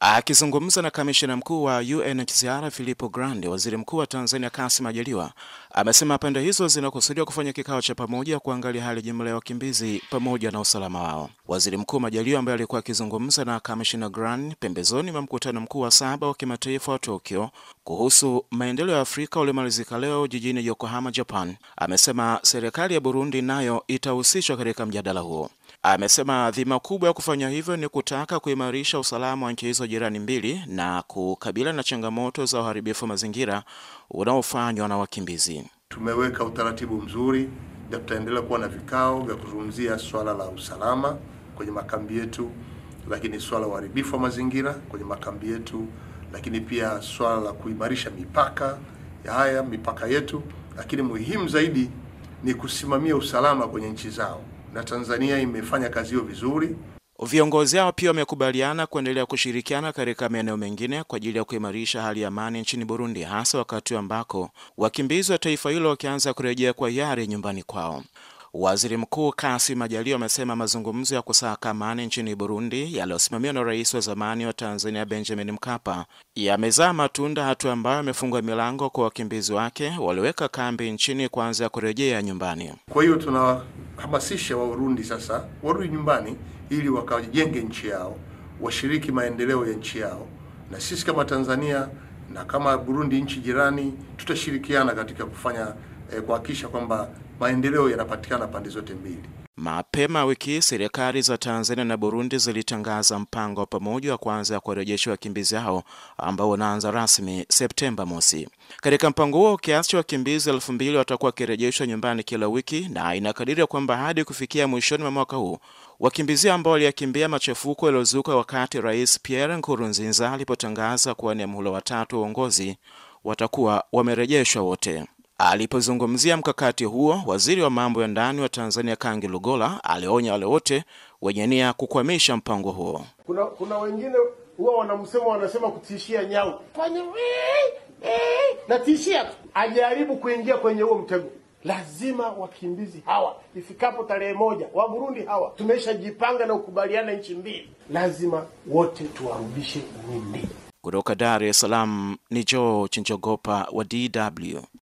Akizungumza na kamishina mkuu wa UNHCR Filippo Grandi, waziri mkuu wa Tanzania Kassim Majaliwa amesema pande hizo zinakusudia kufanya kikao cha pamoja kuangalia hali jumla ya wakimbizi pamoja na usalama wao. Waziri Mkuu Majaliwa ambaye alikuwa akizungumza na kamishina Grandi pembezoni mwa mkutano mkuu wa saba wa kimataifa wa Tokyo kuhusu maendeleo ya Afrika uliomalizika leo jijini Yokohama, Japan, amesema serikali ya Burundi nayo itahusishwa katika mjadala huo. Amesema dhima kubwa ya kufanya hivyo ni kutaka kuimarisha usalama wa nchi hizo jirani mbili na kukabila na changamoto za uharibifu wa mazingira unaofanywa na wakimbizi. Tumeweka utaratibu mzuri na tutaendelea kuwa na vikao vya kuzungumzia swala la usalama kwenye makambi yetu, lakini swala la uharibifu wa mazingira kwenye makambi yetu, lakini pia swala la kuimarisha mipaka ya haya mipaka yetu, lakini muhimu zaidi ni kusimamia usalama kwenye nchi zao na Tanzania imefanya kazi hiyo vizuri. Viongozi hao pia wamekubaliana kuendelea kushirikiana katika maeneo mengine kwa ajili ya kuimarisha hali ya amani nchini Burundi, hasa wakati ambako wakimbizi wa taifa hilo wakianza kurejea kwa hiari nyumbani kwao. Waziri Mkuu Kassim Majaliwa amesema mazungumzo ya kusaka amani nchini Burundi yaliyosimamiwa na rais wa zamani wa Tanzania Benjamin Mkapa yamezaa matunda, hatua ambayo amefungua milango kwa wakimbizi wake walioweka kambi nchini kuanza kurejea nyumbani. Kwa hiyo tuna wa Warundi sasa warudi nyumbani ili wakajenge nchi yao, washiriki maendeleo ya nchi yao, na sisi kama Tanzania na kama Burundi nchi jirani tutashirikiana katika kufanya eh, kuhakikisha kwamba maendeleo yanapatikana pande zote mbili. Mapema wiki hii serikali za Tanzania na Burundi zilitangaza mpango wa pamoja wa kuanza kuwarejesha wakimbizi hao ambao wanaanza rasmi Septemba mosi. Katika mpango huo kiasi cha wakimbizi elfu mbili watakuwa wakirejeshwa nyumbani kila wiki, na inakadiria kwamba hadi kufikia mwishoni mwa mwaka huu wakimbizi ambao waliyakimbia machafuko yaliyozuka wakati Rais Pierre Nkurunziza alipotangaza ni muhula watatu wa uongozi watakuwa wamerejeshwa wote. Alipozungumzia mkakati huo, waziri wa mambo ya ndani wa Tanzania Kangi Lugola alionya wale wote wenye nia kukwamisha mpango huo. Kuna, kuna wengine huwa wanamsema wanasema kutishia nyau fanya natishia tu, ajaribu kuingia kwenye huo mtego. Lazima wakimbizi hawa ifikapo tarehe moja wa Burundi hawa tumeshajipanga na kukubaliana nchi mbili, lazima wote tuwarudishe Burundi. Kutoka Dar es Salaam ni George Njogopa wa DW.